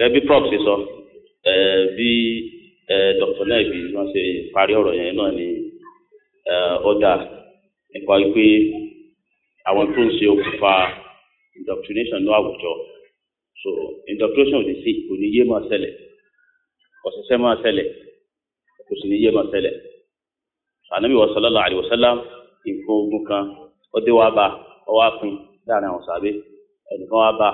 gẹ́gẹ́ bí prof ṣe sọ bí dr naibi wọ́n ṣe parí ọ̀rọ̀ yẹn náà ni ọ̀dà nípa pé àwọn tó ń ṣe okùnfà indoctrination ní àwùjọ so indoctrination lè sí kò ní yé máa ṣẹlẹ̀ ọ̀sẹ̀sẹ̀ máa ṣẹlẹ̀ kò sì ní yé máa ṣẹlẹ̀ ànábì wa sallallahu alayhi wa sallam nǹkan ogun kan ó dé wá bá ọ wá pin láàrin àwọn sàbẹ ẹnìkan wá bá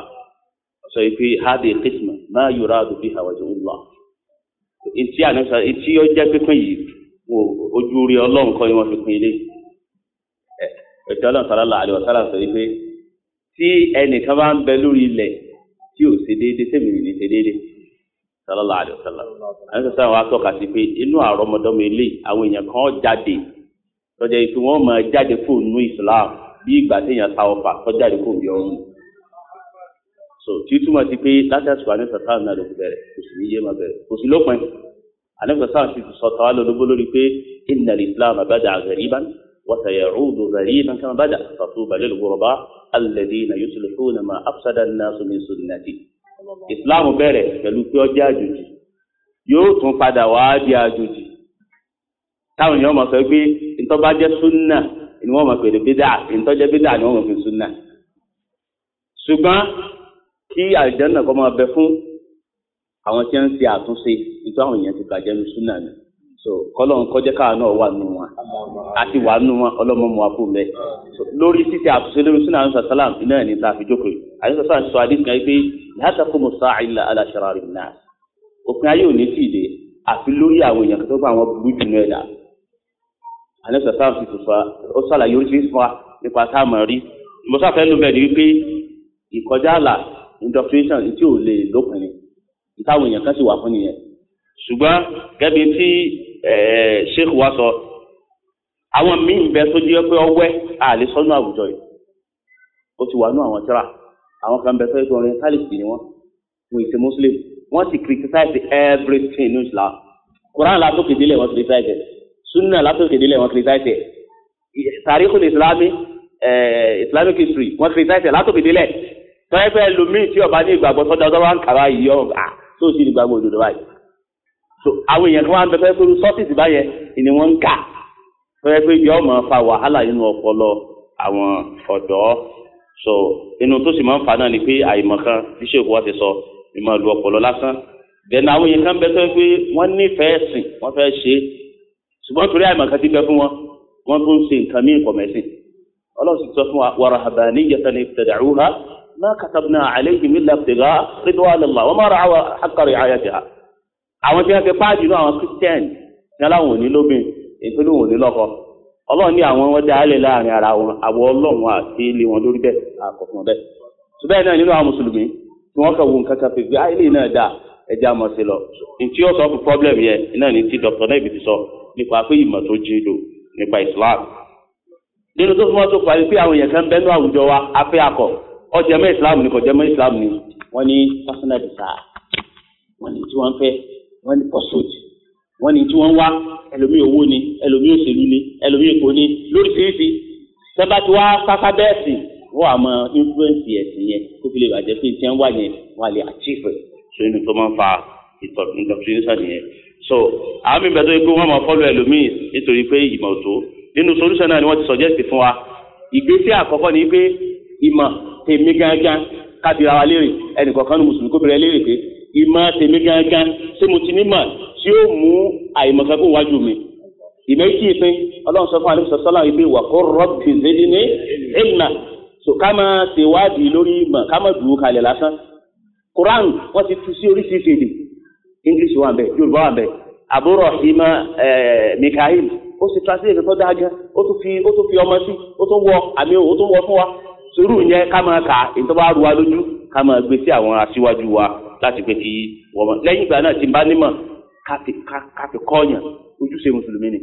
ọ sọ pé hábì kìsìmà máa yòrá àdùbí àwàjọ́wọ́lá etí ànáṣà etí ó jẹ́ pínpín yìí yi o oju ọlọ́run kọ́ ni wọ́n fi pín ilé ẹ̀tọ́ ọlọ́run sọ̀rọ̀ là àlèwọ̀ sọ̀rọ̀ sọ wípé tí ẹnìkan bá ń tí o ṣe déédé tẹ̀mí mi ṣe déédé sọ̀rọ̀ là àlèwọ̀ sọ̀rọ̀ ànáṣà wa kan Islam so tí túmọ̀ sí pé láti àsìkò anẹ́sà sáà náà ló fi bẹ̀rẹ̀ kò sì ní yé máa bẹ̀rẹ̀ kò sí lópin anẹ́sà sáà sì sọ tàwa lólobó lórí pé inna al-islam bada'a ghariban wa saya'udu ghariban kama bada'a fatuba lil ghuraba alladhina yuslihuna ma afsada an-nasu min sunnati islam bẹ̀rẹ̀ pẹ̀lú pé ó àjòjì yóò tún padà wá di àjòjì táwọn èèyàn kí àlìjánà kọ́ máa bẹ fún àwọn tí ń ṣe àtúnṣe nítorí àwọn èèyàn ti bàjẹ́ ní súnà ni so kọ́lọ́n kọjá káà náà wà nù wọn àti wà nù wọn ọlọ́mọ mu àpò mẹ́ lórí títí àtúnṣe lórí súnà àwọn sàlám náà ní ta fi jókòó àti sàlám sọ àdé kan pé láti kó mo sá àìlà aláṣọra rẹ̀ náà òpin ayé ò ní tì dé àfi lórí àwọn èèyàn kan tó bá àwọn burú jù náà dà àti sàlám fi fòfà ó sàlàyé oríṣiríṣi fún wa nípa táàmù rí mo lóbẹ̀ ni wípé ìkọjá àlà indoctrination tí ò lè lópin ni táwọn èèyàn kan sì wà fún nìyẹn ṣùgbọ́n gẹ́gẹ́ tí sheikh wa sọ àwọn míì ń bẹ tó jẹ́ pé ọwẹ́ àlè sọ́nù àwùjọ yìí ó ti wà nú àwọn tíra àwọn kan bẹ tó yẹ kí wọn rẹ kálífì ni wọn wọn ìṣe muslim wọn ti criticize everything ní islam quran látòkè délẹ̀ wọn criticize sunna látòkè délẹ̀ wọn criticize tarikhul islami islamic history wọn criticize látòkè délẹ̀ tẹ́lẹ̀fẹ́ lomiin tí ọba ní ìgbàgbọ́ sọ́dọ̀ ọ̀dọ́ wa ń kàrà yìí ọ̀hún à tó sì ní ìgbàgbọ́ òdodo báyìí. so àwọn èèyàn kan wá ń bẹ fẹ́ pé sọ́ọ̀sìsì báyẹn ni wọ́n ń kà fẹ́ pé yọ ọmọ fa wàhálà nínú ọpọlọ àwọn ọ̀dọ́ so inú tó sì máa ń fa náà ni pé àìmọ̀ kan bí ṣèkú wa ti sọ ìmọ̀ lu ọpọlọ lásán dẹ̀nà àwọn èèyàn kan bẹ fẹ́ pé wọ́n nífẹ̀ẹ́ sìn wọ́n fẹ́ ṣe ṣùgbọ́n torí àìmọ̀ kan ti bẹ fún wọn wọ́n tún ṣe nǹkan míì kọ̀mẹ́sìn ọlọ́run sì sọ fún wa wàrà àbáníyàtà ni tẹ̀dàrú ha ما كتبنا عليهم إلا ابتغاء رضوان الله وما رعوا حق رعايتها àwọn tí wọ́n ti pàdé náà àwọn christian ní aláwọn òní lóbìn ìpínlẹ̀ òní lọ́kọ ọlọ́run ní àwọn wọn dáálẹ̀ láàrin ara wọn àwọ ọlọ́run àti ilé wọn lórí bẹ́ẹ̀ àkọ́kùn bẹ́ẹ̀ ṣùgbọ́n náà nínú àwọn mùsùlùmí tí wọ́n kàn wo nǹkan kan fìgbé àìlè ah, náà dáa ẹja mọ̀ sí lọ ntí ó sọ fún problem yẹn náà ní ti dr naibi ti sọ nípa pé ìmọ̀ tó jí lò nípa Islam nínú tó fún wọn tó parí pé àwọn èèyàn kan bẹ́ẹ̀ àwùjọ wa afẹ́ akọ̀ ọjọmọ islam ni kọjọmọ islam ni wọn ní personal desire wọn ní tí wọn fẹ́ wọn ní pursuit wọn ní tí wọn wá ẹlòmíì owó ni ẹlòmíì òṣèlú ni ẹlòmíì èkó ni lóríṣiríṣi tẹ́bá tí wàá sáká bẹ́ẹ̀ sì wọ́n á mọ influence ẹ̀sìn yẹn tó fi lè bàjẹ́ pé tiẹ̀ ń wà yẹn wọ́n lè achieve ẹ̀ so inú tó máa ń fa indoctrination yẹn so àwọn mi bẹ̀rẹ̀ pé wọ́n máa follow ẹlòmíì nítorí pé ìmọ̀ tó nínú solution náà ni wọ́n ti suggest fún wa ìgbésẹ̀ àkọ́kọ́ ni pé ìmọ̀ tèmi gángan kábíra wa léèrè ẹnì kọ̀ọ̀kan ní mùsùlùmí kó bẹ̀rẹ̀ léèrè pé ìmọ̀ tèmi gángan ṣé mo ti ní mà tí ó mú àìmọ̀kan kó wájú mi ìmọ̀ etí ìpín ọlọ́run sọ fún alẹ́ sọ sọ́lá ìpín wà kó rọ́bì zédí ní ìlànà so ká máa ṣèwádìí lórí ìmọ̀ ká máa dùn kalẹ̀ lásán Quran wọ́n ti tu sí oríṣiríṣi èdè English wà bẹ́ẹ̀ Yorùbá wà bẹ́ẹ̀ àbúrò ìmọ̀ Mikael ó sì translate tó dáa gan ó tún fi ọmọ sí ó tún wọ àmì ó tún wọ fún wa sùúrù yẹn ká máa kà ìtọ́ba àrùwá lójú ká máa gbé sí àwọn aṣíwájú wa láti pé kí wọ́n mọ̀ lẹ́yìn ìgbà náà tí n bá nímọ̀ ká fi kọ́ọ̀yàn ojúṣe mùsùlùmí ni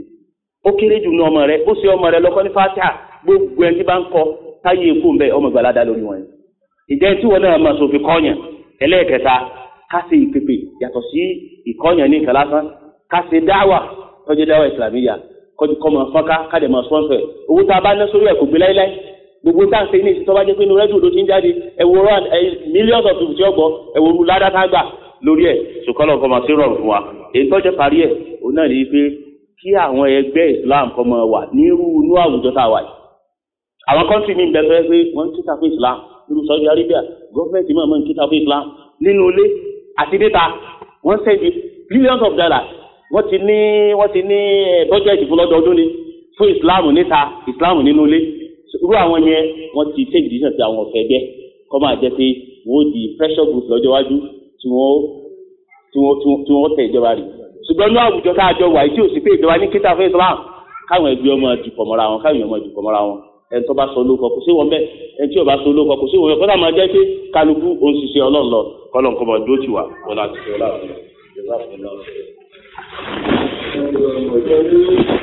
ó kéré jù ní ọmọ rẹ ó ṣe ọmọ rẹ lọ́kọ́ ní fatiha gbogbo ẹni tí bá ń kọ táyé epo ń bẹ ọmọ ìgbàládá lórí wọn ìjẹ́ tí wọn náà máa sòfin kọ́ọ̀yàn ẹlẹ́ẹ̀kẹta ká ṣe ìpèpè yàtọ̀ sí ìkọ́ọ̀yàn ní nǹkan lásán ká ṣe dáwà tọ́jú dáwà ìsìlámíyà gbogbo tá à ń ṣe ní ìsìn tó bá jẹ́ pé inú rẹ́díò ló ti ń jáde ẹ̀wò millions of people ti ọgbọ́n ẹ̀wò ru ládàtàgbà lórí ẹ̀ ṣùkọ́lọ̀ nǹkan máa ṣe rọrùn fún wa èyí tó jẹ́ parí ẹ̀ òun náà ní pé kí àwọn ẹgbẹ́ Islam kọ́ máa wà ní irú inú àwùjọ tá a wà yìí àwọn kọ́ńtì mi ń bẹ fẹ́ pé wọ́n ń kíta fún Islam nínú Saudi Arabia gọ́ọ̀mẹ̀ntì máa ń kíta fún Islam nínú ilé àti níta wọ́n sẹ́ndì billions of dollars wọ́n ti ní wọ́n ti ní eh, bọ́jẹ̀tì fún lọ́dọọdún ni fún Islam níta Islam nínú ilé irú àwọn yẹn wọ́n ti take decision ti àwọn ọ̀fẹ́ bẹ́ẹ̀ kọ́ máa jẹ́ pé wọ́n di pressure group lọ́jọ́ iwájú tí wọ́n tí wọ́n tí wọ́n tẹ̀ ìjọba rè ṣùgbọ́n ní àwùjọ tá a jọ wà tí ò sí pé ìjọba ní kíta fún Islam káwọn ẹgbẹ́ ọmọ dìpọ̀ mọ́ra wọn káwọn ọmọ dìpọ̀ mọ́ra wọn ẹni tó bá sọ olóko kò sí wọn bẹ́ẹ̀ ẹni tí ò bá sọ olóko kò sí wọn bẹ́ẹ̀ kọ́tà máa jẹ́ pé kálukú òun ọlọ́run lọ kọ́